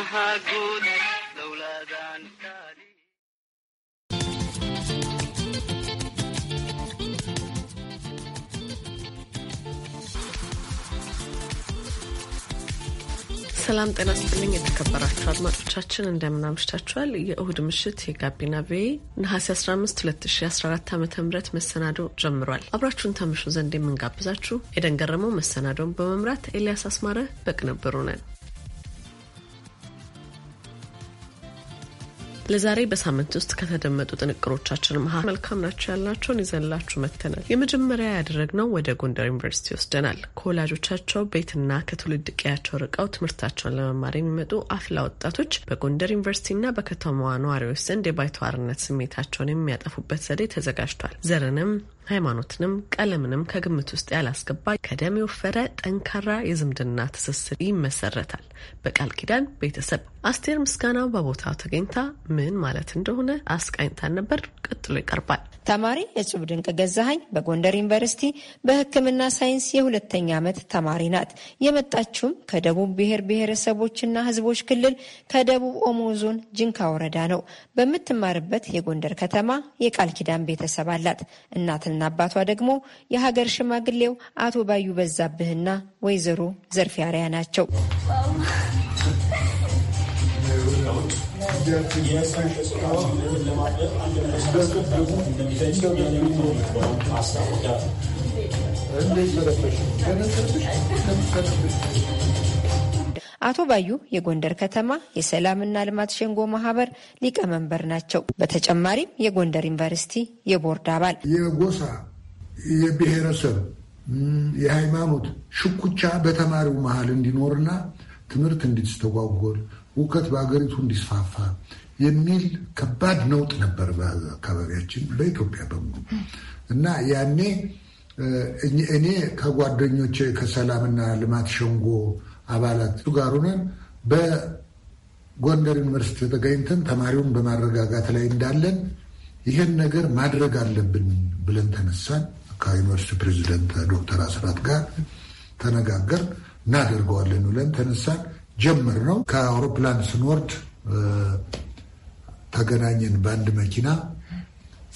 ሰላም ጤና ስጥልኝ። የተከበራችሁ አድማጮቻችን እንደምን አምሽታችኋል? የእሁድ ምሽት የጋቢና ቪ ነሐሴ 15 2014 ዓ ም መሰናዶ ጀምሯል። አብራችሁን ተምሹ ዘንድ የምንጋብዛችሁ ኤደን ገረመው መሰናዶውን በመምራት ኤልያስ አስማረ በቅንብሩ ነን። ለዛሬ በሳምንት ውስጥ ከተደመጡ ጥንቅሮቻችን መሀል መልካም ናቸው ያልናቸውን ይዘንላችሁ መጥተናል። የመጀመሪያ ያደረግነው ወደ ጎንደር ዩኒቨርሲቲ ይወስደናል። ከወላጆቻቸው ቤትና ከትውልድ ቀያቸው ርቀው ትምህርታቸውን ለመማር የሚመጡ አፍላ ወጣቶች በጎንደር ዩኒቨርሲቲና በከተማዋ ነዋሪዎች ዘንድ የባይተዋርነት ስሜታቸውን የሚያጠፉበት ዘዴ ተዘጋጅቷል። ዘርንም ሃይማኖትንም ቀለምንም ከግምት ውስጥ ያላስገባ ከደም የወፈረ ጠንካራ የዝምድና ትስስር ይመሰረታል በቃል ኪዳን ቤተሰብ። አስቴር ምስጋናው በቦታው ተገኝታ ምን ማለት እንደሆነ አስቃኝታን ነበር። ቀጥሎ ይቀርባል። ተማሪ የጽብ ድንቅ ገዛሀኝ በጎንደር ዩኒቨርሲቲ በሕክምና ሳይንስ የሁለተኛ ዓመት ተማሪ ናት። የመጣችውም ከደቡብ ብሔር ብሔረሰቦችና ሕዝቦች ክልል ከደቡብ ኦሞ ዞን ጅንካ ወረዳ ነው። በምትማርበት የጎንደር ከተማ የቃል ኪዳን ቤተሰብ አላት እናትና እናትና አባቷ ደግሞ የሀገር ሽማግሌው አቶ ባዩ በዛብህና ወይዘሮ ዘርፊያሪያ ናቸው። አቶ ባዩ የጎንደር ከተማ የሰላምና ልማት ሸንጎ ማህበር ሊቀመንበር ናቸው። በተጨማሪም የጎንደር ዩኒቨርሲቲ የቦርድ አባል። የጎሳ የብሔረሰብ የሃይማኖት ሽኩቻ በተማሪው መሀል እንዲኖርና ትምህርት እንዲስተጓጎል እውቀት በሀገሪቱ እንዲስፋፋ የሚል ከባድ ነውጥ ነበር በአካባቢያችን በኢትዮጵያ በሙሉ እና ያኔ እኔ ከጓደኞቼ ከሰላምና ልማት ሸንጎ አባላት ጋር ሆነን በጎንደር ዩኒቨርሲቲ ተገኝተን ተማሪውን በማረጋጋት ላይ እንዳለን ይህን ነገር ማድረግ አለብን ብለን ተነሳን። ከዩኒቨርሲቲ ፕሬዚደንት ዶክተር አስራት ጋር ተነጋገር እናደርገዋለን ብለን ተነሳን። ጀምር ነው። ከአውሮፕላን ስንወርድ ተገናኘን በአንድ መኪና።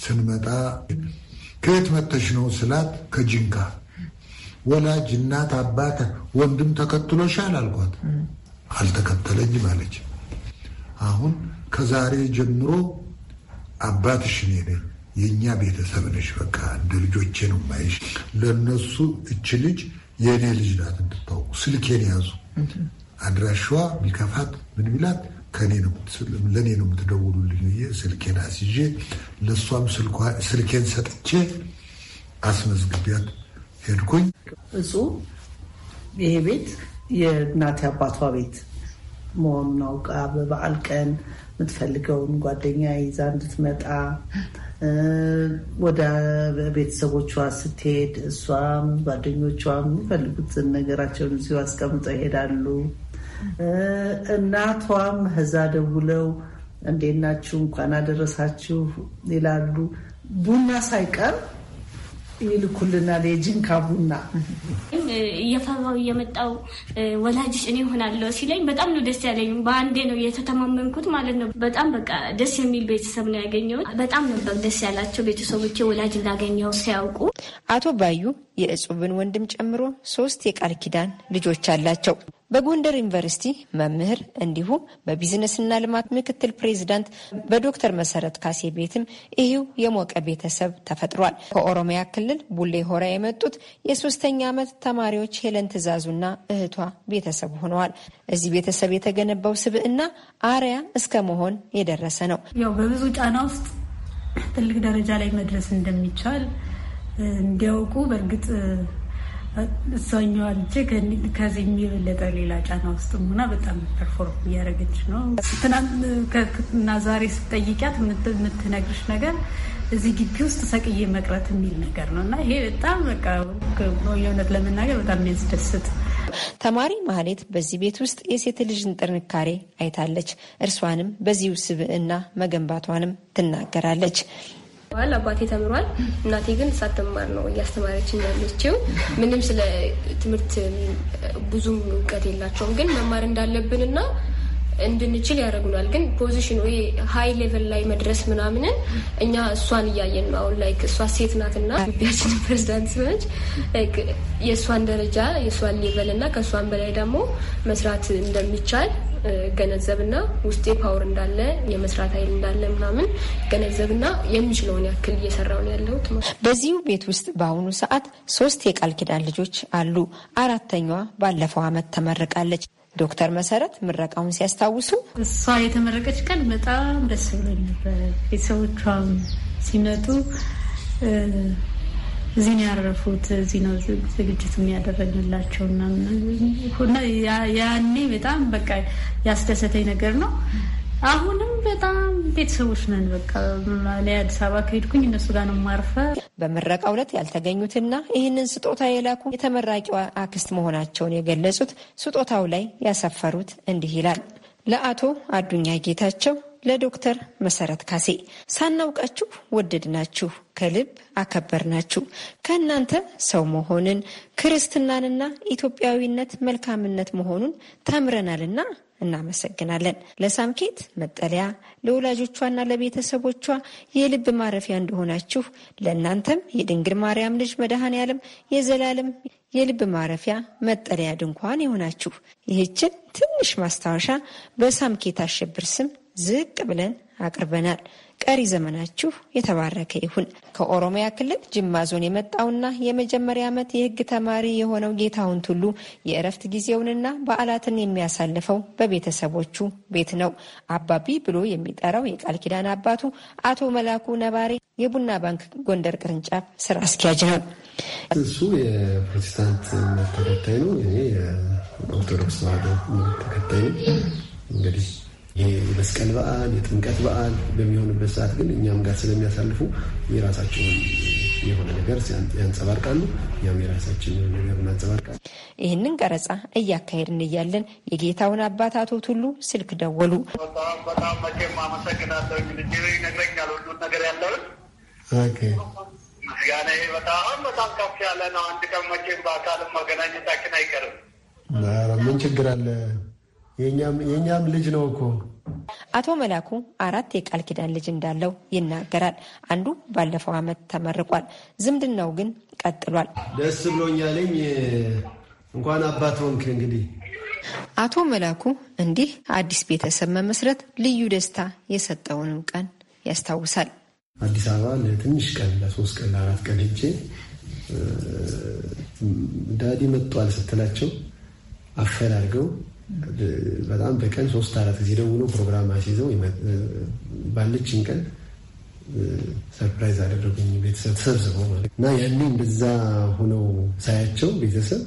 ስንመጣ ከየት መተሽ ነው ስላት ከጂንካ ወላጅ እናት፣ አባት፣ ወንድም ተከትሎሻል አልኳት። አልተከተለኝም አለች። አሁን ከዛሬ ጀምሮ አባትሽ እኔ ነኝ፣ የእኛ ቤተሰብ ነሽ። በቃ እንደ ልጆቼ ነው ማይሽ። ለእነሱ እች ልጅ የእኔ ልጅ ናት እንድታውቁ። ስልኬን ያዙ፣ አድራሻዋ ቢከፋት ምን ቢላት ለእኔ ነው የምትደውሉልኝ ብዬ ስልኬን አስይዤ ለእሷም ስልኬን ሰጥቼ አስመዝግቢያት ሄድኩኝ። እጹ ይሄ ቤት የእናቴ አባቷ ቤት መሆኑን አውቃ በበዓል ቀን የምትፈልገውን ጓደኛ ይዛ እንድትመጣ ወደ ቤተሰቦቿ ስትሄድ እሷም ጓደኞቿም የሚፈልጉትን ነገራቸውን እዚሁ አስቀምጠው ይሄዳሉ። እናቷም ህዛ ደውለው እንዴት ናችሁ እንኳን አደረሳችሁ ይላሉ። ቡና ሳይቀር ይልኩልናል። የጅንካ ቡና እየፈራው እየመጣው ወላጅሽ እኔ ሆናለሁ ሲለኝ በጣም ነው ደስ ያለኝ። በአንዴ ነው የተተማመንኩት ማለት ነው። በጣም በቃ ደስ የሚል ቤተሰብ ነው ያገኘሁት። በጣም ነበር ደስ ያላቸው ቤተሰቦቼ ወላጅ እንዳገኘው ሲያውቁ። አቶ ባዩ የእጹብን ወንድም ጨምሮ ሶስት የቃል ኪዳን ልጆች አላቸው። በጎንደር ዩኒቨርሲቲ መምህር እንዲሁም በቢዝነስና ልማት ምክትል ፕሬዚዳንት በዶክተር መሰረት ካሴ ቤትም ይህው የሞቀ ቤተሰብ ተፈጥሯል። ከኦሮሚያ ክልል ቡሌ ሆራ የመጡት የሶስተኛ ዓመት ተማሪዎች ሄለን ትዕዛዙና እህቷ ቤተሰብ ሆነዋል። እዚህ ቤተሰብ የተገነባው ስብዕና አርያ እስከ መሆን የደረሰ ነው። ያው በብዙ ጫና ውስጥ ትልቅ ደረጃ ላይ መድረስ እንደሚቻል እንዲያውቁ በእርግጥ እሷኛዋ ልጅ ከዚህ የሚበለጠ ሌላ ጫና ውስጥ ሆና በጣም ፐርፎርም እያደረገች ነው። ትናንትና ዛሬ ስጠይቂያት የምትነግርሽ ነገር እዚህ ግቢ ውስጥ ሰቅዬ መቅረት የሚል ነገር ነው እና ይሄ በጣም በቃ የእውነት ለመናገር በጣም የሚያስደስት ተማሪ ማህሌት በዚህ ቤት ውስጥ የሴት ልጅን ጥንካሬ አይታለች። እርሷንም በዚሁ ስብዕና መገንባቷንም ትናገራለች። ተምረዋል። አባቴ ተምሯል። እናቴ ግን ሳትማር ነው እያስተማረችን ያለችው። ምንም ስለ ትምህርት ብዙም እውቀት የላቸውም። ግን መማር እንዳለብንና እንድንችል ያደረጉናል። ግን ፖዚሽን ወይ ሀይ ሌቨል ላይ መድረስ ምናምንን እኛ እሷን እያየን ነው አሁን ላይ እሷ ሴት ናትና ኢትዮጵያችን ፕሬዚዳንት ስመች የእሷን ደረጃ የእሷን ሌቨል እና ከእሷን በላይ ደግሞ መስራት እንደሚቻል ገነዘብና ውስጤ ፓወር እንዳለ የመስራት ኃይል እንዳለ ምናምን ገነዘብና የሚችለውን ያክል እየሰራው ነው ያለሁት። በዚሁ ቤት ውስጥ በአሁኑ ሰዓት ሶስት የቃል ኪዳን ልጆች አሉ። አራተኛዋ ባለፈው አመት ተመርቃለች። ዶክተር መሰረት ምረቃውን ሲያስታውሱ እሷ የተመረቀች ቀን በጣም ደስ ብሎ ነበር። ቤተሰቦቿም ሲመጡ እዚህ ነው ያረፉት፣ እዚህ ነው ዝግጅት ያደረግንላቸው እና ያኔ በጣም በቃ ያስደሰተኝ ነገር ነው። አሁንም በጣም ቤተሰቦች ነን። በቃ እኔ አዲስ አበባ ከሄድኩኝ እነሱ ጋር ነው ማርፈ። በምረቃ ዕለት ያልተገኙትና ይህንን ስጦታ የላኩ የተመራቂዋ አክስት መሆናቸውን የገለጹት ስጦታው ላይ ያሰፈሩት እንዲህ ይላል። ለአቶ አዱኛ ጌታቸው፣ ለዶክተር መሰረት ካሴ ሳናውቃችሁ ወደድናችሁ፣ ከልብ አከበርናችሁ። ከእናንተ ሰው መሆንን ክርስትናንና ኢትዮጵያዊነት መልካምነት መሆኑን ተምረናልና እናመሰግናለን። ለሳምኬት መጠለያ ለወላጆቿና ለቤተሰቦቿ የልብ ማረፊያ እንደሆናችሁ ለእናንተም የድንግል ማርያም ልጅ መድኃኔ ዓለም የዘላለም የልብ ማረፊያ መጠለያ ድንኳን የሆናችሁ ይህችን ትንሽ ማስታወሻ በሳምኬት አሸብር ስም ዝቅ ብለን አቅርበናል። ቀሪ ዘመናችሁ የተባረከ ይሁን። ከኦሮሚያ ክልል ጅማ ዞን የመጣውና የመጀመሪያ ዓመት የሕግ ተማሪ የሆነው ጌታሁን ቱሉ የእረፍት ጊዜውንና በዓላትን የሚያሳልፈው በቤተሰቦቹ ቤት ነው። አባቢ ብሎ የሚጠራው የቃል ኪዳን አባቱ አቶ መላኩ ነባሬ የቡና ባንክ ጎንደር ቅርንጫፍ ስራ አስኪያጅ ነው። እሱ የፕሮቴስታንት ተከታይ ነው። እኔ የኦርቶዶክስ ተከታይ ነው። እንግዲህ የመስቀል በዓል የጥምቀት በዓል በሚሆንበት ሰዓት ግን እኛም ጋር ስለሚያሳልፉ የራሳቸውን የሆነ ነገር ያንጸባርቃሉ። ያም የራሳችን የሆነ ነገር እናንጸባርቃል። ይህንን ቀረጻ እያካሄድን እያለን የጌታውን አባት አቶ ቱሉ ስልክ ደወሉ። በጣም በጣም መቼም አመሰግናለሁ። እንግዲህ ይነግረኛል ሁሉን ነገር ያለውን ምስጋና በጣም በጣም ከፍ ያለ ነው። አንድ ቀን መቼም በአካልም መገናኘታችን አይቀርም። ምን ችግር አለ? የእኛም ልጅ ነው እኮ። አቶ መላኩ አራት የቃል ኪዳን ልጅ እንዳለው ይናገራል። አንዱ ባለፈው ዓመት ተመርቋል። ዝምድናው ግን ቀጥሏል። ደስ ብሎኛለኝ። እንኳን አባት ሆንክ እንግዲህ አቶ መላኩ እንዲህ አዲስ ቤተሰብ መመስረት ልዩ ደስታ የሰጠውንም ቀን ያስታውሳል። አዲስ አበባ ለትንሽ ቀን ለሶስት ቀን ለአራት ቀን ሄጄ ዳዲ መጥቷል ስትላቸው አፈላልገው በጣም በቀን ሶስት አራት ጊዜ ደውሎ ፕሮግራም አስይዘው ባለችን ቀን ሰርፕራይዝ አደረጉኝ። ቤተሰብ ተሰብስበው ማለት እና ያኔ እንደዛ ሆነው ሳያቸው ቤተሰብ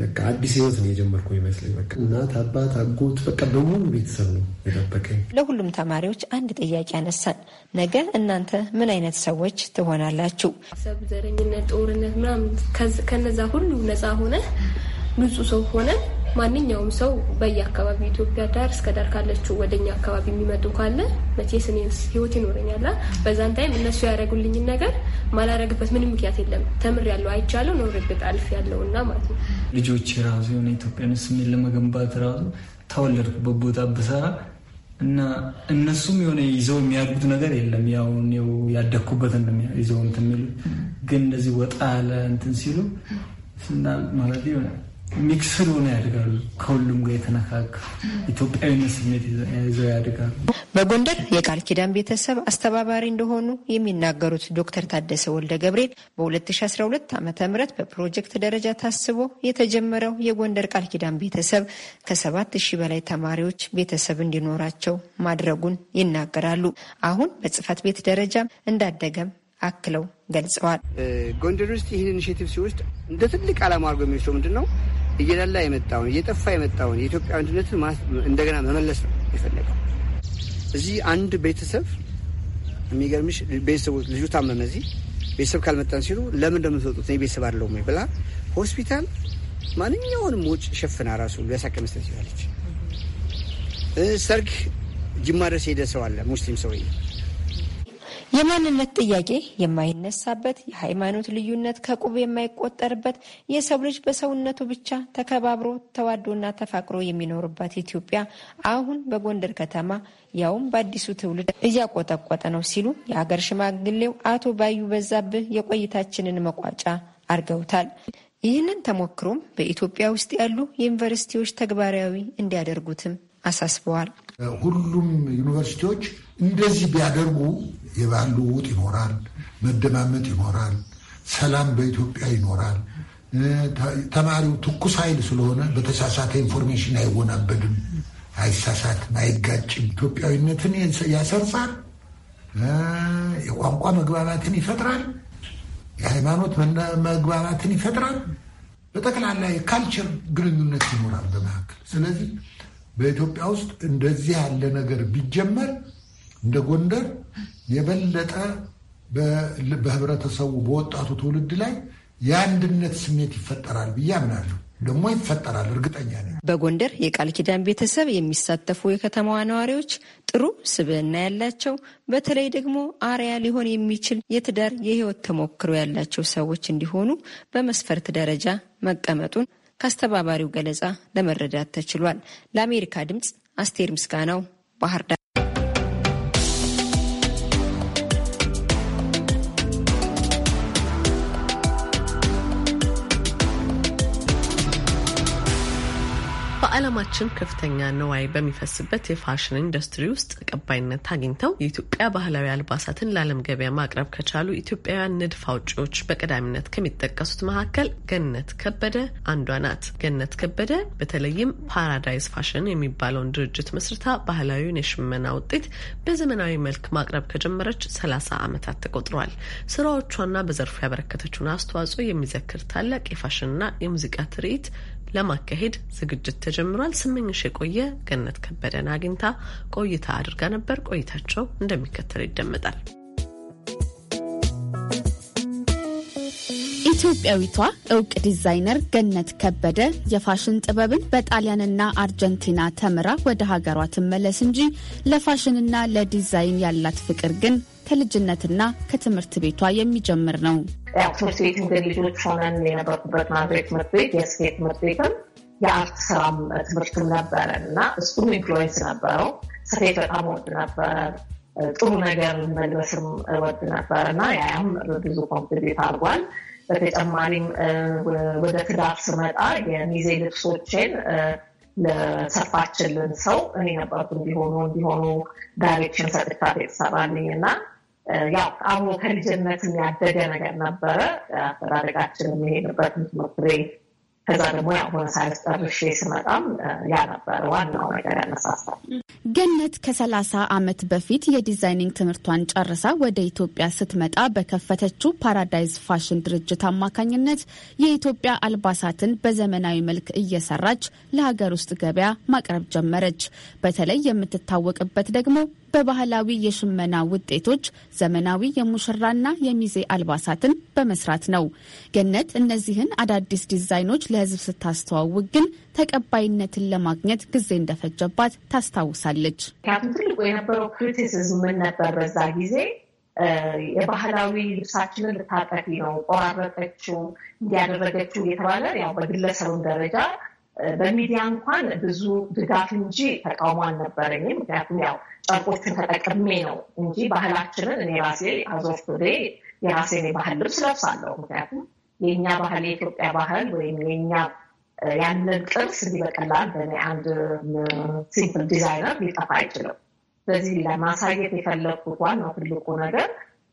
በቃ አዲስ ህይወት ነው የጀመርኩ ይመስለኝ። በቃ እናት፣ አባት፣ አጎት በቃ በሙሉ ቤተሰብ ነው የጠበቀኝ። ለሁሉም ተማሪዎች አንድ ጥያቄ አነሳን። ነገ እናንተ ምን አይነት ሰዎች ትሆናላችሁ? ሰብ፣ ዘረኝነት፣ ጦርነት ምናምን ከነዛ ሁሉ ነፃ ሆነ ንጹህ ሰው ሆነን ማንኛውም ሰው በየአካባቢው ኢትዮጵያ ዳር እስከ ዳር ካለችው ወደኛ አካባቢ የሚመጡ ካለ መቼስ እኔ ህይወት ይኖረኛላ። በዛን ታይም እነሱ ያደረጉልኝን ነገር ማላረግበት ምንም ምክንያት የለም። ተምር ያለው አይቻለው ነው አልፍ ያለው እና ማለት ነው ልጆች ራሱ የሆነ ኢትዮጵያን ስሜን ለመገንባት ራሱ ተወለድኩበት ቦታ ብሰራ እና እነሱም የሆነ ይዘው የሚያድጉት ነገር የለም። ያው እኔው ያደግኩበት ይዘው እንትን የሚሉት ግን እንደዚህ ወጣ ያለ እንትን ሲሉ ስና ማለት ይሆናል ሚክስ ሆነ ያድጋሉ። ከሁሉም ጋር የተነካካ ኢትዮጵያዊነት ስሜት ይዘው ያድጋሉ። በጎንደር የቃል ኪዳን ቤተሰብ አስተባባሪ እንደሆኑ የሚናገሩት ዶክተር ታደሰ ወልደ ገብርኤል በ2012 ዓ ም በፕሮጀክት ደረጃ ታስቦ የተጀመረው የጎንደር ቃል ኪዳን ቤተሰብ ከ7 በላይ ተማሪዎች ቤተሰብ እንዲኖራቸው ማድረጉን ይናገራሉ። አሁን በጽህፈት ቤት ደረጃም እንዳደገም አክለው ገልጸዋል። ጎንደር ውስጥ ይህን ኢኒሽቲቭ ሲወስድ እንደ ትልቅ ዓላማ አድርጎ የሚወስደው ምንድን ነው? እየላላ የመጣውን እየጠፋ የመጣውን የኢትዮጵያ አንድነትን እንደገና መመለስ ነው የፈለገው። እዚህ አንድ ቤተሰብ የሚገርምሽ ቤተሰቦች ልጁ ታመመ፣ እዚህ ቤተሰብ ካልመጣን ሲሉ ለምን እንደምትወጡት ቤተሰብ አለው ወይ ብላ ሆስፒታል ማንኛውንም ወጪ ሸፍና ራሱ ሊያሳከ መስጠት ይላለች። ሰርግ ጅማ ድረስ ሄደ ሰው አለ ሙስሊም ሰውዬ የማንነት ጥያቄ የማይነሳበት፣ የሃይማኖት ልዩነት ከቁብ የማይቆጠርበት፣ የሰው ልጅ በሰውነቱ ብቻ ተከባብሮ ተዋዶና ተፋቅሮ የሚኖርባት ኢትዮጵያ አሁን በጎንደር ከተማ ያውም በአዲሱ ትውልድ እያቆጠቆጠ ነው ሲሉ የሀገር ሽማግሌው አቶ ባዩ በዛብህ የቆይታችንን መቋጫ አድርገውታል። ይህንን ተሞክሮም በኢትዮጵያ ውስጥ ያሉ ዩኒቨርሲቲዎች ተግባራዊ እንዲያደርጉትም አሳስበዋል። ሁሉም ዩኒቨርሲቲዎች እንደዚህ ቢያደርጉ የባህል ልውውጥ ይኖራል፣ መደማመጥ ይኖራል፣ ሰላም በኢትዮጵያ ይኖራል። ተማሪው ትኩስ ኃይል ስለሆነ በተሳሳተ ኢንፎርሜሽን አይወናበድም፣ አይሳሳትም፣ አይጋጭም። ኢትዮጵያዊነትን ያሰርጻል፣ የቋንቋ መግባባትን ይፈጥራል፣ የሃይማኖት መግባባትን ይፈጥራል። በጠቅላላ የካልቸር ግንኙነት ይኖራል በመካከል። ስለዚህ በኢትዮጵያ ውስጥ እንደዚህ ያለ ነገር ቢጀመር እንደ ጎንደር የበለጠ በህብረተሰቡ በወጣቱ ትውልድ ላይ የአንድነት ስሜት ይፈጠራል ብዬ አምናለሁ። ደግሞ ይፈጠራል፣ እርግጠኛ ነኝ። በጎንደር የቃል ኪዳን ቤተሰብ የሚሳተፉ የከተማዋ ነዋሪዎች ጥሩ ስብዕና ያላቸው በተለይ ደግሞ አርያ ሊሆን የሚችል የትዳር የህይወት ተሞክሮ ያላቸው ሰዎች እንዲሆኑ በመስፈርት ደረጃ መቀመጡን ከአስተባባሪው ገለጻ ለመረዳት ተችሏል። ለአሜሪካ ድምፅ አስቴር ምስጋናው ባህር ዳር በዓለማችን ከፍተኛ ንዋይ በሚፈስበት የፋሽን ኢንዱስትሪ ውስጥ ተቀባይነት አግኝተው የኢትዮጵያ ባህላዊ አልባሳትን ለዓለም ገበያ ማቅረብ ከቻሉ ኢትዮጵያውያን ንድፍ አውጪዎች በቀዳሚነት ከሚጠቀሱት መካከል ገነት ከበደ አንዷ ናት። ገነት ከበደ በተለይም ፓራዳይዝ ፋሽን የሚባለውን ድርጅት መስርታ ባህላዊውን የሽመና ውጤት በዘመናዊ መልክ ማቅረብ ከጀመረች ሰላሳ ዓመታት ተቆጥሯል። ስራዎቿና በዘርፉ ያበረከተችውን አስተዋጽኦ የሚዘክር ታላቅ የፋሽንና የሙዚቃ ትርኢት ለማካሄድ ዝግጅት ተጀምሯል። ስመኝሽ የቆየ ገነት ከበደን አግኝታ ቆይታ አድርጋ ነበር። ቆይታቸው እንደሚከተል ይደመጣል። ኢትዮጵያዊቷ እውቅ ዲዛይነር ገነት ከበደ የፋሽን ጥበብን በጣሊያንና አርጀንቲና ተምራ ወደ ሀገሯ ትመለስ እንጂ ለፋሽንና ለዲዛይን ያላት ፍቅር ግን ከልጅነትና ከትምህርት ቤቷ የሚጀምር ነው። ያው ትምህርት ቤት እንደ ልጆች ሆነን የነበርኩበት ማድሬ ትምህርት ቤት የስፌት ትምህርት ቤትም የአርት ስራም ትምህርትም ነበረ እና እሱም ኢንፍሉዌንስ ነበረው። ስፌት በጣም ወድ ነበር። ጥሩ ነገር መልበስም ወድ ነበር እና ያም ብዙ ኮምፕሊት አድርጓል። በተጨማሪም ወደ ትዳር ስመጣ የሚዜ ልብሶችን ለሰፋችልን ሰው እኔ ነበርኩ እንዲሆኑ እንዲሆኑ ዳይሬክሽን ሰጥቻት የተሰራልኝ እና ያው አብሮ ከልጅነትም ያደገ ነገር ነበረ። አስተዳደጋችን የሚሄድበት ትምህርት ቤት ከዛ ደግሞ ያሁን ሳያስጠርሽ ስመጣም ያ ነበር ዋናው ነገር ያነሳሳል። ገነት ከሰላሳ ዓመት በፊት የዲዛይኒንግ ትምህርቷን ጨርሳ ወደ ኢትዮጵያ ስትመጣ በከፈተችው ፓራዳይዝ ፋሽን ድርጅት አማካኝነት የኢትዮጵያ አልባሳትን በዘመናዊ መልክ እየሰራች ለሀገር ውስጥ ገበያ ማቅረብ ጀመረች። በተለይ የምትታወቅበት ደግሞ በባህላዊ የሽመና ውጤቶች ዘመናዊ የሙሽራና የሚዜ አልባሳትን በመስራት ነው። ገነት እነዚህን አዳዲስ ዲዛይኖች ለሕዝብ ስታስተዋውቅ ግን ተቀባይነትን ለማግኘት ጊዜ እንደፈጀባት ታስታውሳለች። ምክንያቱም ትልቁ የነበረው ክሪቲሲዝም ነበር? በዛ ጊዜ የባህላዊ ልብሳችንን ልታጠፊ ነው፣ ቆራረጠችው፣ እንዲያደረገችው እየተባለ ያው በግለሰቡን ደረጃ በሚዲያ እንኳን ብዙ ድጋፍ እንጂ ተቃውሞ አልነበረኝም። ምክንያቱም ያው ጨርቆችን ተጠቅሜ ነው እንጂ ባህላችንን እኔ ራሴ አዞፍ ቱዴ የራሴን የባህል ልብስ ለብሳለሁ። ምክንያቱም የእኛ ባህል የኢትዮጵያ ባህል ወይም የኛ ያንን ቅርስ እንዲህ በቀላል በእኔ አንድ ሲምፕል ዲዛይነር ሊጠፋ አይችልም። ስለዚህ ለማሳየት የፈለግኩት ዋናው ትልቁ ነገር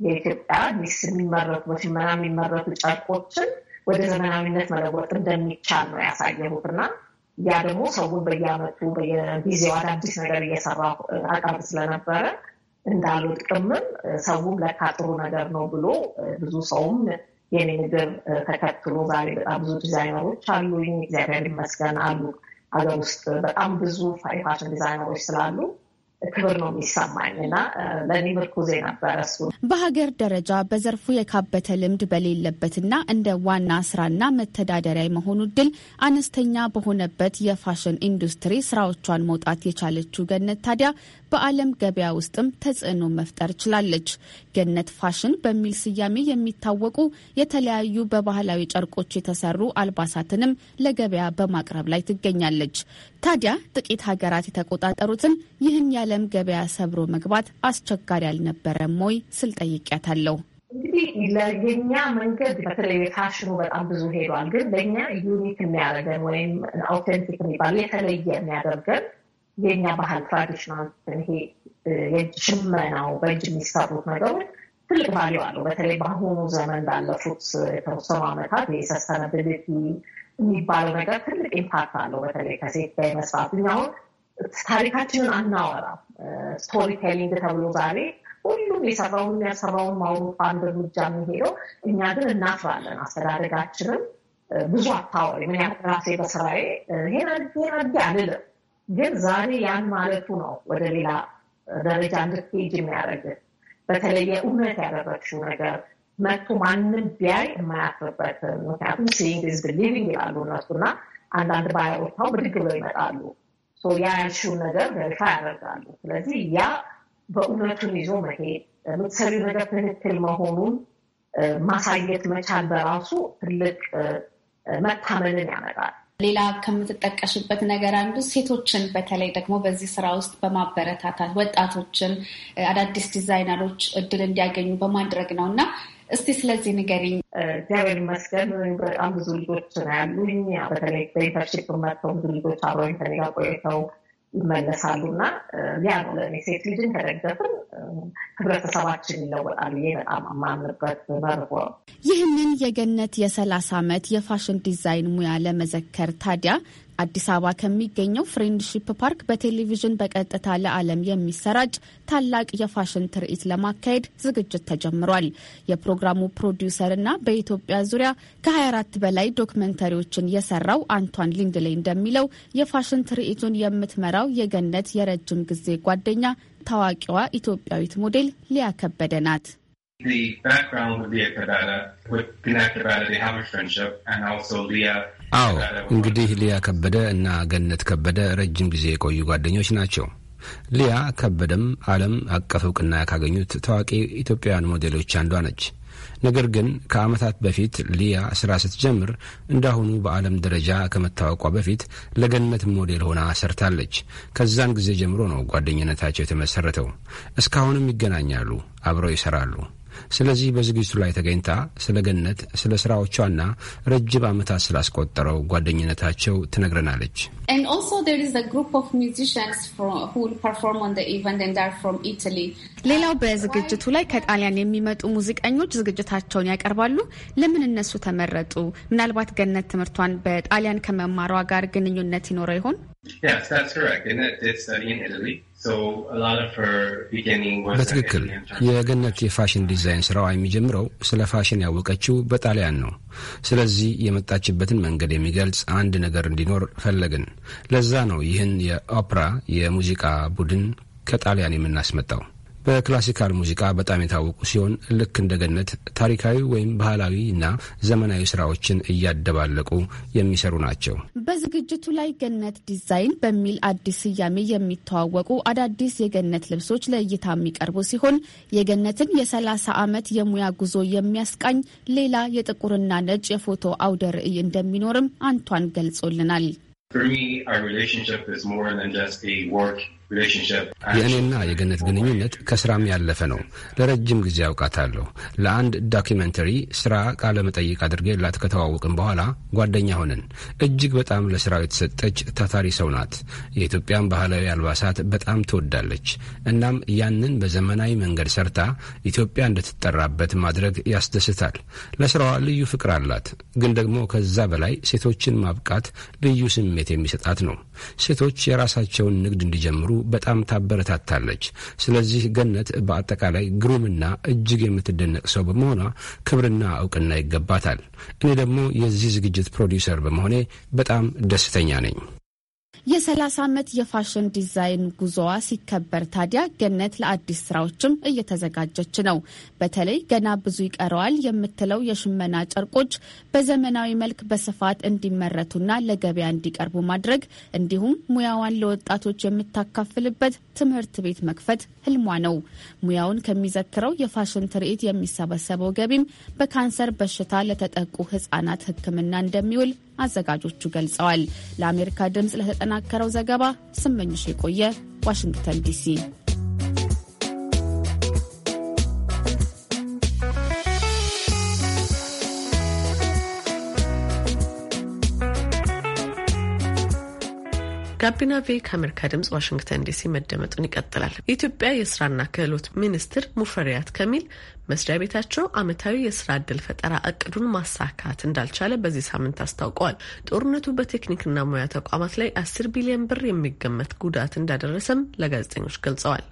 የኢትዮጵያ ሚስ የሚመረቱ በሽመና የሚመረቱ ጨርቆችን ወደ ዘመናዊነት መለወጥ እንደሚቻል ነው ያሳየሁት ያ ደግሞ ሰውን በየአመቱ በየጊዜው አዳዲስ ነገር እየሰራ አቀርብ ስለነበረ ጥቅምም ሰውም ለካ ጥሩ ነገር ነው ብሎ ብዙ ሰውም የኔ ምግብ ተከትሎ ዛሬ በጣም ብዙ ዲዛይነሮች አሉ። እግዚአብሔር ይመስገን አሉ። ሀገር ውስጥ በጣም ብዙ ፋሽን ዲዛይነሮች ስላሉ ክብር ነው የሚሰማኝ እና ለእኔ ምርኩዜ ነበረ እሱ። በሀገር ደረጃ በዘርፉ የካበተ ልምድ በሌለበትና እንደ ዋና ስራና መተዳደሪያ የመሆኑ ድል አነስተኛ በሆነበት የፋሽን ኢንዱስትሪ ስራዎቿን መውጣት የቻለችው ገነት ታዲያ በዓለም ገበያ ውስጥም ተጽዕኖ መፍጠር ችላለች። ገነት ፋሽን በሚል ስያሜ የሚታወቁ የተለያዩ በባህላዊ ጨርቆች የተሰሩ አልባሳትንም ለገበያ በማቅረብ ላይ ትገኛለች። ታዲያ ጥቂት ሀገራት የተቆጣጠሩትን ይህን የዓለም ገበያ ሰብሮ መግባት አስቸጋሪ አልነበረም ወይ ስል ጠይቄያታለሁ። እንግዲህ ለየኛ መንገድ በተለይ የፋሽኑ በጣም ብዙ ሄዷል። ግን ለእኛ ዩኒክ የሚያደርገን ወይም አውቴንቲክ የሚባል የተለየ የሚያደርገን የእኛ ባህል ትራዲሽናል ይሄ የእጅ ሽመናው በእጅ የሚሰሩት ነገሮች ትልቅ ቫሊዩ አለው። በተለይ በአሁኑ ዘመን ባለፉት የተወሰኑ ዓመታት የሰስተናብሊቲ የሚባለው ነገር ትልቅ ኢምፓክት አለው። በተለይ ከሴት ጋር መስራት አሁን ታሪካችንን አናወራ ስቶሪቴሊንግ ተብሎ ዛሬ ሁሉም የሰራውን የሚያሰራውን ማውሮፓ አንድ እርምጃ የሚሄደው እኛ ግን እናፍራለን። አስተዳደጋችንም ብዙ አታወሪ ምን ያህል ራሴ በስራዬ ይሄን አድርጌ አልልም ግን ዛሬ ያን ማለቱ ነው ወደ ሌላ ደረጃ እንድትሄጅ የሚያደርግ በተለየ እውነት ያደረግሽው ነገር መቶ ማንም ቢያይ የማያፍርበት ምክንያቱም ሲንግ ዝ ቢሊቪንግ ይላሉ እና አንዳንድ ባያወታው ብድግ ብለው ይመጣሉ። ያ ያልሽውን ነገር ቨሪፋ ያደርጋሉ። ስለዚህ ያ በእውነቱን ይዞ መሄድ የምትሰሪው ነገር ትክክል መሆኑን ማሳየት መቻል በራሱ ትልቅ መታመንን ያመጣል። ሌላ ከምትጠቀሽበት ነገር አንዱ ሴቶችን በተለይ ደግሞ በዚህ ስራ ውስጥ በማበረታታት ወጣቶችን አዳዲስ ዲዛይነሮች እድል እንዲያገኙ በማድረግ ነው እና እስቲ ስለዚህ ንገሪኝ። እግዚአብሔር ይመስገን በጣም ብዙ ልጆች ነው ያሉኝ። በተለይ በኢንተርንሺፕ መጥተው ብዙ ልጆች አብረን ከኔ ጋር ቆይተው ይመለሳሉ ይመለሳሉና ያ ነው ለእኔ ሴት ልጅን ከደገፍን ህብረተሰባችን ይለወጣል ብዬ በጣም የማምንበት መርቦ። ይህንን የገነት የሰላሳ ዓመት የፋሽን ዲዛይን ሙያ ለመዘከር ታዲያ አዲስ አበባ ከሚገኘው ፍሬንድሺፕ ፓርክ በቴሌቪዥን በቀጥታ ለዓለም የሚሰራጭ ታላቅ የፋሽን ትርኢት ለማካሄድ ዝግጅት ተጀምሯል። የፕሮግራሙ ፕሮዲውሰርና በኢትዮጵያ ዙሪያ ከ24 በላይ ዶክመንተሪዎችን የሰራው አንቷን ሊንድሌይ እንደሚለው የፋሽን ትርኢቱን የምትመራው የገነት የረጅም ጊዜ ጓደኛ ታዋቂዋ ኢትዮጵያዊት ሞዴል ሊያ ከበደ ናት። The background of Leah they have a friendship, and also Leah አዎ እንግዲህ ሊያ ከበደ እና ገነት ከበደ ረጅም ጊዜ የቆዩ ጓደኞች ናቸው። ሊያ ከበደም ዓለም አቀፍ እውቅና ካገኙት ታዋቂ ኢትዮጵያውያን ሞዴሎች አንዷ ነች። ነገር ግን ከዓመታት በፊት ሊያ ስራ ስትጀምር እንዳሁኑ በዓለም ደረጃ ከመታወቋ በፊት ለገነት ሞዴል ሆና ሰርታለች። ከዛን ጊዜ ጀምሮ ነው ጓደኝነታቸው የተመሰረተው እስካሁንም ይገናኛሉ፣ አብረው ይሰራሉ። ስለዚህ በዝግጅቱ ላይ ተገኝታ ስለ ገነት፣ ስለ ስራዎቿና ረጅም ዓመታት ስላስቆጠረው ጓደኝነታቸው ትነግረናለች። ሌላው በዝግጅቱ ላይ ከጣሊያን የሚመጡ ሙዚቀኞች ዝግጅታቸውን ያቀርባሉ። ለምን እነሱ ተመረጡ? ምናልባት ገነት ትምህርቷን በጣሊያን ከመማሯ ጋር ግንኙነት ይኖረው ይሆን? በትክክል የገነት የፋሽን ዲዛይን ስራዋ የሚጀምረው ስለ ፋሽን ያወቀችው በጣሊያን ነው። ስለዚህ የመጣችበትን መንገድ የሚገልጽ አንድ ነገር እንዲኖር ፈለግን። ለዛ ነው ይህን የኦፕራ የሙዚቃ ቡድን ከጣሊያን የምናስመጣው። በክላሲካል ሙዚቃ በጣም የታወቁ ሲሆን ልክ እንደ ገነት ታሪካዊ ወይም ባህላዊ እና ዘመናዊ ስራዎችን እያደባለቁ የሚሰሩ ናቸው። በዝግጅቱ ላይ ገነት ዲዛይን በሚል አዲስ ስያሜ የሚተዋወቁ አዳዲስ የገነት ልብሶች ለእይታ የሚቀርቡ ሲሆን የገነትን የሰላሳ ዓመት የሙያ ጉዞ የሚያስቃኝ ሌላ የጥቁርና ነጭ የፎቶ አውደ ርዕይ እንደሚኖርም አንቷን ገልጾልናል። የእኔና የገነት ግንኙነት ከስራም ያለፈ ነው። ለረጅም ጊዜ አውቃታለሁ። ለአንድ ዶኪመንተሪ ስራ ቃለ መጠይቅ አድርጌላት ከተዋወቅን በኋላ ጓደኛ ሆነን። እጅግ በጣም ለስራው የተሰጠች ታታሪ ሰው ናት። የኢትዮጵያን ባህላዊ አልባሳት በጣም ትወዳለች። እናም ያንን በዘመናዊ መንገድ ሰርታ ኢትዮጵያ እንደትጠራበት ማድረግ ያስደስታል። ለስራዋ ልዩ ፍቅር አላት። ግን ደግሞ ከዛ በላይ ሴቶችን ማብቃት ልዩ ስሜት የሚሰጣት ነው። ሴቶች የራሳቸውን ንግድ እንዲጀምሩ በጣም ታበረታታለች። ስለዚህ ገነት በአጠቃላይ ግሩምና እጅግ የምትደነቅ ሰው በመሆኗ ክብርና እውቅና ይገባታል። እኔ ደግሞ የዚህ ዝግጅት ፕሮዲውሰር በመሆኔ በጣም ደስተኛ ነኝ። የ30 ዓመት የፋሽን ዲዛይን ጉዞዋ ሲከበር ታዲያ ገነት ለአዲስ ስራዎችም እየተዘጋጀች ነው። በተለይ ገና ብዙ ይቀረዋል የምትለው የሽመና ጨርቆች በዘመናዊ መልክ በስፋት እንዲመረቱና ለገበያ እንዲቀርቡ ማድረግ እንዲሁም ሙያዋን ለወጣቶች የምታካፍልበት ትምህርት ቤት መክፈት ህልሟ ነው። ሙያውን ከሚዘክረው የፋሽን ትርኢት የሚሰበሰበው ገቢም በካንሰር በሽታ ለተጠቁ ህጻናት ህክምና እንደሚውል አዘጋጆቹ ገልጸዋል። ለአሜሪካ ድምጽ ለተጠና ለተጠናከረው ዘገባ ስመኝሽ የቆየ ዋሽንግተን ዲሲ ጋቢና ቬ ከአሜሪካ ድምጽ ዋሽንግተን ዲሲ መደመጡን ይቀጥላል። የኢትዮጵያ የስራና ክህሎት ሚኒስትር ሙፈሪያት ከሚል መስሪያ ቤታቸው አመታዊ የስራ እድል ፈጠራ እቅዱን ማሳካት እንዳልቻለ በዚህ ሳምንት አስታውቀዋል። ጦርነቱ በቴክኒክና ሙያ ተቋማት ላይ አስር ቢሊዮን ብር የሚገመት ጉዳት እንዳደረሰም ለጋዜጠኞች ገልጸዋል።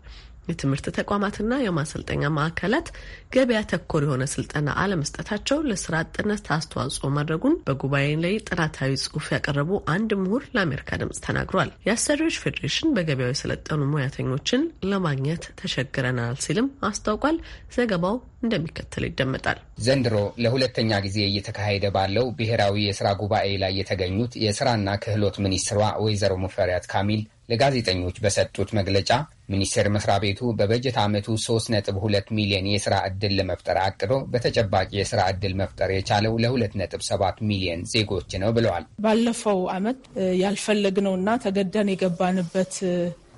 የትምህርት ተቋማትና የማሰልጠኛ ማዕከላት ገበያ ተኮር የሆነ ስልጠና አለመስጠታቸው ለስራ አጥነት አስተዋጽኦ ማድረጉን በጉባኤ ላይ ጥናታዊ ጽሑፍ ያቀረቡ አንድ ምሁር ለአሜሪካ ድምጽ ተናግሯል። የአሰሪዎች ፌዴሬሽን በገበያው የሰለጠኑ ሙያተኞችን ለማግኘት ተቸግረናል ሲልም አስታውቋል። ዘገባው እንደሚከተል ይደመጣል። ዘንድሮ ለሁለተኛ ጊዜ እየተካሄደ ባለው ብሔራዊ የስራ ጉባኤ ላይ የተገኙት የስራና ክህሎት ሚኒስትሯ ወይዘሮ ሙፈሪያት ካሚል ለጋዜጠኞች በሰጡት መግለጫ ሚኒስቴር መስሪያ ቤቱ በበጀት ዓመቱ 3.2 ሚሊዮን የሥራ ዕድል ለመፍጠር አቅዶ በተጨባጭ የሥራ ዕድል መፍጠር የቻለው ለ2.7 ሚሊዮን ዜጎች ነው ብለዋል። ባለፈው ዓመት ያልፈለግነውና ተገደን የገባንበት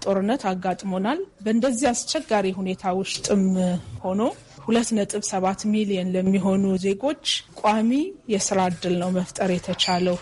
ጦርነት አጋጥሞናል። በእንደዚህ አስቸጋሪ ሁኔታ ውስጥም ሆኖ 2.7 ሚሊዮን ለሚሆኑ ዜጎች ቋሚ የስራ ዕድል ነው መፍጠር የተቻለው።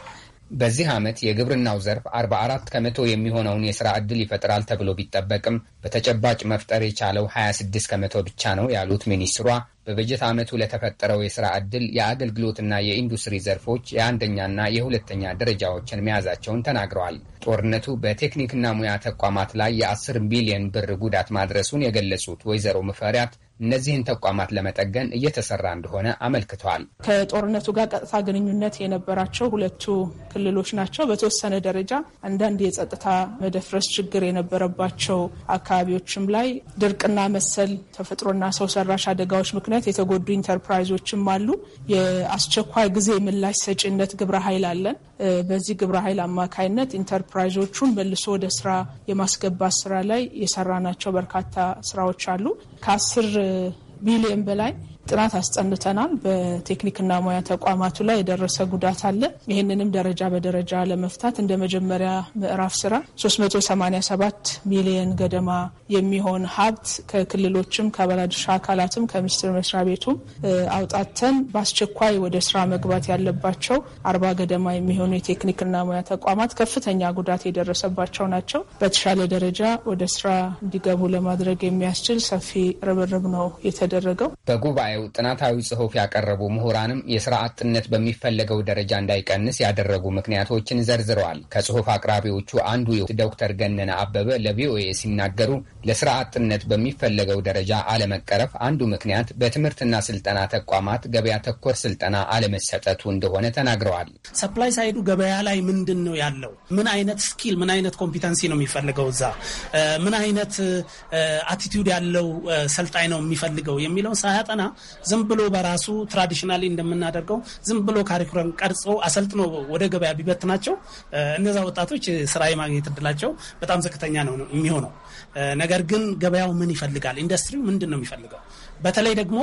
በዚህ ዓመት የግብርናው ዘርፍ 44 ከመቶ የሚሆነውን የሥራ ዕድል ይፈጥራል ተብሎ ቢጠበቅም በተጨባጭ መፍጠር የቻለው 26 ከመቶ ብቻ ነው ያሉት ሚኒስትሯ በበጀት ዓመቱ ለተፈጠረው የሥራ ዕድል የአገልግሎትና የኢንዱስትሪ ዘርፎች የአንደኛና የሁለተኛ ደረጃዎችን መያዛቸውን ተናግረዋል። ጦርነቱ በቴክኒክና ሙያ ተቋማት ላይ የ10 ቢሊዮን ብር ጉዳት ማድረሱን የገለጹት ወይዘሮ መፈሪያት። እነዚህን ተቋማት ለመጠገን እየተሰራ እንደሆነ አመልክተዋል። ከጦርነቱ ጋር ቀጥታ ግንኙነት የነበራቸው ሁለቱ ክልሎች ናቸው። በተወሰነ ደረጃ አንዳንድ የጸጥታ መደፍረስ ችግር የነበረባቸው አካባቢዎችም ላይ ድርቅና መሰል ተፈጥሮና ሰው ሰራሽ አደጋዎች ምክንያት የተጎዱ ኢንተርፕራይዞችም አሉ። የአስቸኳይ ጊዜ ምላሽ ሰጪነት ግብረ ኃይል አለን። በዚህ ግብረ ኃይል አማካይነት ኢንተርፕራይዞቹን መልሶ ወደ ስራ የማስገባት ስራ ላይ ናቸው። በርካታ ስራዎች አሉ ከአስር ሚሊዮን በላይ ጥናት አስጠንተናል። በቴክኒክና ሙያ ተቋማቱ ላይ የደረሰ ጉዳት አለ። ይህንንም ደረጃ በደረጃ ለመፍታት እንደ መጀመሪያ ምዕራፍ ስራ 387 ሚሊየን ገደማ የሚሆን ሀብት ከክልሎችም ከባለድርሻ አካላትም ከሚኒስቴር መስሪያ ቤቱም አውጣተን በአስቸኳይ ወደ ስራ መግባት ያለባቸው አርባ ገደማ የሚሆኑ የቴክኒክና ሙያ ተቋማት ከፍተኛ ጉዳት የደረሰባቸው ናቸው። በተሻለ ደረጃ ወደ ስራ እንዲገቡ ለማድረግ የሚያስችል ሰፊ ርብርብ ነው የተደረገው። በጉባኤ ጉዳዩ ጥናታዊ ጽሑፍ ያቀረቡ ምሁራንም የስራ አጥነት በሚፈለገው ደረጃ እንዳይቀንስ ያደረጉ ምክንያቶችን ዘርዝረዋል። ከጽሑፍ አቅራቢዎቹ አንዱ ዶክተር ገነነ አበበ ለቪኦኤ ሲናገሩ ለስራ አጥነት በሚፈለገው ደረጃ አለመቀረፍ አንዱ ምክንያት በትምህርትና ስልጠና ተቋማት ገበያ ተኮር ስልጠና አለመሰጠቱ እንደሆነ ተናግረዋል። ሰፕላይ ሳይዱ ገበያ ላይ ምንድን ነው ያለው? ምን አይነት ስኪል፣ ምን አይነት ኮምፒተንሲ ነው የሚፈልገው? እዛ ምን አይነት አቲቲዩድ ያለው ሰልጣኝ ነው የሚፈልገው የሚለውን ሳያጠና ዝም ብሎ በራሱ ትራዲሽናሊ እንደምናደርገው ዝም ብሎ ካሪኩለም ቀርጾ አሰልጥኖ ወደ ገበያ ቢበት ናቸው እነዛ ወጣቶች ስራ የማግኘት እድላቸው በጣም ዝቅተኛ ነው የሚሆነው። ነገር ግን ገበያው ምን ይፈልጋል? ኢንዱስትሪው ምንድን ነው የሚፈልገው? በተለይ ደግሞ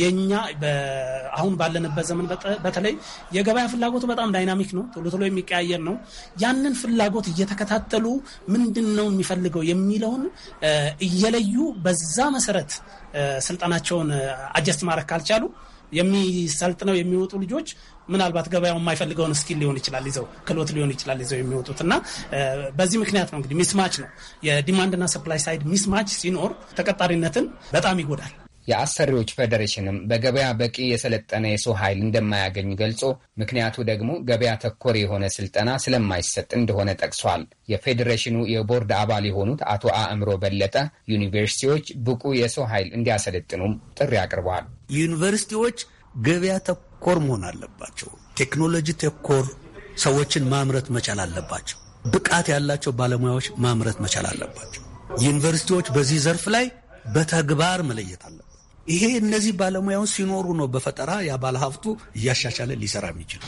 የኛ አሁን ባለንበት ዘመን በተለይ የገበያ ፍላጎቱ በጣም ዳይናሚክ ነው፣ ቶሎ ቶሎ የሚቀያየር ነው። ያንን ፍላጎት እየተከታተሉ ምንድን ነው የሚፈልገው የሚለውን እየለዩ በዛ መሰረት ስልጠናቸውን አጀስት ማድረግ ካልቻሉ የሚሰልጥነው የሚወጡ ልጆች ምናልባት ገበያው የማይፈልገውን ስኪል ሊሆን ይችላል ይዘው ክሎት ሊሆን ይችላል ይዘው የሚወጡት እና በዚህ ምክንያት ነው እንግዲህ ሚስማች ነው የዲማንድና ሰፕላይ ሳይድ ሚስማች ሲኖር ተቀጣሪነትን በጣም ይጎዳል። የአሰሪዎች ፌዴሬሽንም በገበያ በቂ የሰለጠነ የሰው ኃይል እንደማያገኝ ገልጾ ምክንያቱ ደግሞ ገበያ ተኮር የሆነ ስልጠና ስለማይሰጥ እንደሆነ ጠቅሷል። የፌዴሬሽኑ የቦርድ አባል የሆኑት አቶ አእምሮ በለጠ ዩኒቨርሲቲዎች ብቁ የሰው ኃይል እንዲያሰለጥኑም ጥሪ አቅርበዋል። ዩኒቨርሲቲዎች ገበያ ተኮር መሆን አለባቸው። ቴክኖሎጂ ተኮር ሰዎችን ማምረት መቻል አለባቸው። ብቃት ያላቸው ባለሙያዎች ማምረት መቻል አለባቸው። ዩኒቨርሲቲዎች በዚህ ዘርፍ ላይ በተግባር መለየት አለባቸው። ይሄ እነዚህ ባለሙያዎች ሲኖሩ ነው በፈጠራ ያ ባለሀብቱ እያሻሻለ ሊሰራ የሚችል።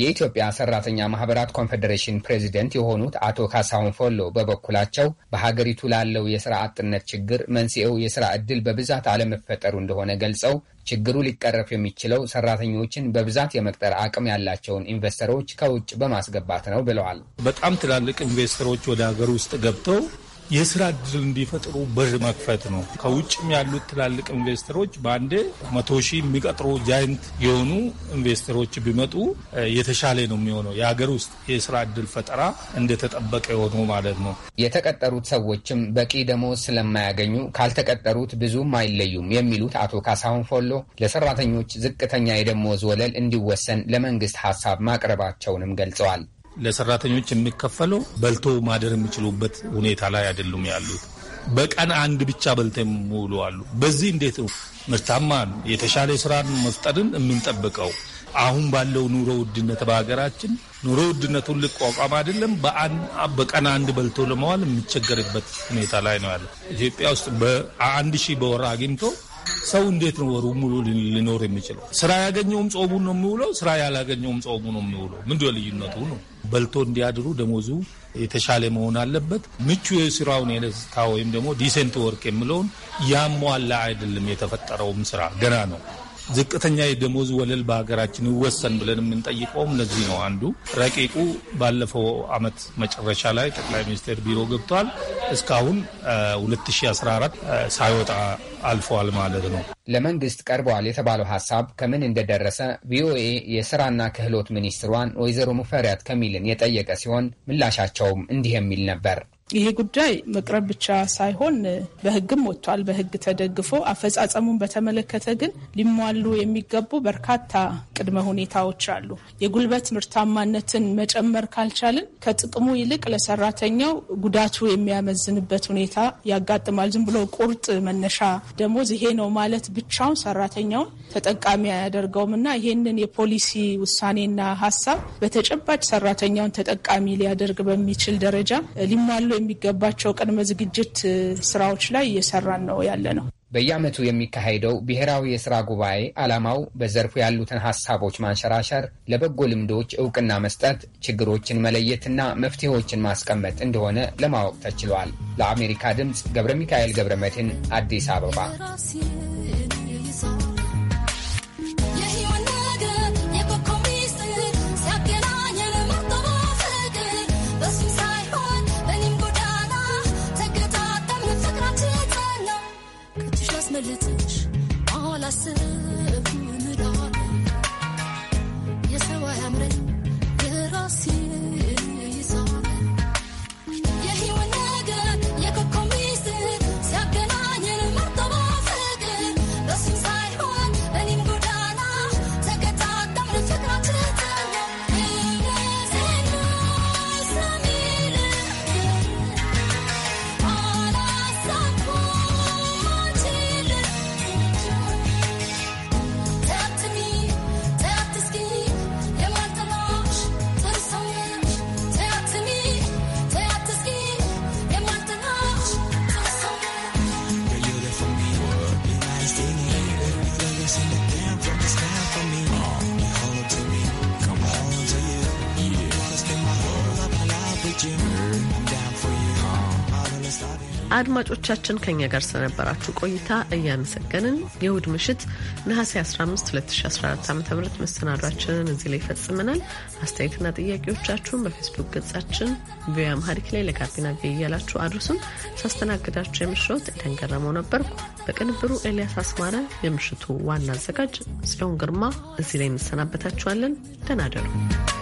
የኢትዮጵያ ሰራተኛ ማህበራት ኮንፌዴሬሽን ፕሬዚደንት የሆኑት አቶ ካሳሁን ፎሎ በበኩላቸው በሀገሪቱ ላለው የስራ አጥነት ችግር መንስኤው የስራ እድል በብዛት አለመፈጠሩ እንደሆነ ገልጸው ችግሩ ሊቀረፍ የሚችለው ሰራተኞችን በብዛት የመቅጠር አቅም ያላቸውን ኢንቨስተሮች ከውጭ በማስገባት ነው ብለዋል። በጣም ትላልቅ ኢንቨስተሮች ወደ ሀገር ውስጥ ገብተው የስራ እድል እንዲፈጥሩ በር መክፈት ነው። ከውጭም ያሉት ትላልቅ ኢንቨስተሮች በአንዴ መቶ ሺህ የሚቀጥሩ ጃይንት የሆኑ ኢንቨስተሮች ቢመጡ የተሻለ ነው የሚሆነው። የሀገር ውስጥ የስራ እድል ፈጠራ እንደተጠበቀ የሆኑ ማለት ነው። የተቀጠሩት ሰዎችም በቂ ደሞዝ ስለማያገኙ ካልተቀጠሩት ብዙም አይለዩም የሚሉት አቶ ካሳሁን ፎሎ ለሰራተኞች ዝቅተኛ የደሞዝ ወለል እንዲወሰን ለመንግስት ሀሳብ ማቅረባቸውንም ገልጸዋል። ለሰራተኞች የሚከፈለው በልቶ ማደር የሚችሉበት ሁኔታ ላይ አይደሉም ያሉት። በቀን አንድ ብቻ በልተ የሚውሉ አሉ። በዚህ እንዴት ነው ምርታማ የተሻለ ስራን መፍጠርን የምንጠብቀው? አሁን ባለው ኑሮ ውድነት በሀገራችን ኑሮ ውድነቱን ልቋቋም አይደለም በቀን አንድ በልቶ ለመዋል የሚቸገርበት ሁኔታ ላይ ነው ያለ። ኢትዮጵያ ውስጥ በአንድ ሺህ በወር አግኝቶ ሰው እንዴት ነው ወሩ ሙሉ ሊኖር የሚችለው? ስራ ያገኘውም ጾሙ ነው የሚውለው፣ ስራ ያላገኘውም ጾሙ ነው የሚውለው። ምንድ ልዩነቱ ነው? በልቶ እንዲያድሩ ደሞዙ የተሻለ መሆን አለበት። ምቹ የስራውን የነስታ ወይም ደግሞ ዲሴንት ወርክ የሚለውን ያሟላ አይደለም። የተፈጠረውም ስራ ገና ነው። ዝቅተኛ የደሞዝ ወለል በሀገራችን ይወሰን ብለን የምንጠይቀውም ለዚህ ነው። አንዱ ረቂቁ ባለፈው አመት መጨረሻ ላይ ጠቅላይ ሚኒስቴር ቢሮ ገብቷል። እስካሁን 2014 ሳይወጣ አልፈዋል ማለት ነው። ለመንግስት ቀርበዋል የተባለው ሀሳብ ከምን እንደደረሰ ቪኦኤ የስራና ክህሎት ሚኒስትሯን ወይዘሮ ሙፈሪያት ከሚልን የጠየቀ ሲሆን ምላሻቸውም እንዲህ የሚል ነበር። ይሄ ጉዳይ መቅረብ ብቻ ሳይሆን በሕግም ወጥቷል። በሕግ ተደግፎ አፈጻጸሙን በተመለከተ ግን ሊሟሉ የሚገቡ በርካታ ቅድመ ሁኔታዎች አሉ። የጉልበት ምርታማነትን መጨመር ካልቻልን ከጥቅሙ ይልቅ ለሰራተኛው ጉዳቱ የሚያመዝንበት ሁኔታ ያጋጥማል። ዝም ብሎ ቁርጥ መነሻ ደሞዝ ይሄ ነው ማለት ብቻውን ሰራተኛውን ተጠቃሚ አያደርገውም እና ይሄንን የፖሊሲ ውሳኔና ሀሳብ በተጨባጭ ሰራተኛውን ተጠቃሚ ሊያደርግ በሚችል ደረጃ ሊሟሉ የሚገባቸው ቅድመ ዝግጅት ስራዎች ላይ እየሰራን ነው ያለ ነው። በየዓመቱ የሚካሄደው ብሔራዊ የስራ ጉባኤ ዓላማው በዘርፉ ያሉትን ሀሳቦች ማንሸራሸር፣ ለበጎ ልምዶች እውቅና መስጠት፣ ችግሮችን መለየትና መፍትሄዎችን ማስቀመጥ እንደሆነ ለማወቅ ተችሏል። ለአሜሪካ ድምፅ ገብረ ሚካኤል ገብረ መድህን አዲስ አበባ አድማጮቻችን ከኛ ጋር ስለነበራችሁ ቆይታ እያመሰገንን የእሁድ ምሽት ነሐሴ 15 2014 ዓ ም መሰናዷችንን እዚህ ላይ ይፈጽመናል። አስተያየትና ጥያቄዎቻችሁን በፌስቡክ ገጻችን ቪኦኤ አምሃሪክ ላይ ለጋቢና ቪ እያላችሁ አድርሱን። ሳስተናግዳችሁ የምሽት ኤደን ገረመው ነበርኩ። በቅንብሩ ኤልያስ አስማረ፣ የምሽቱ ዋና አዘጋጅ ጽዮን ግርማ። እዚህ ላይ እንሰናበታችኋለን። ደህና እደሩ።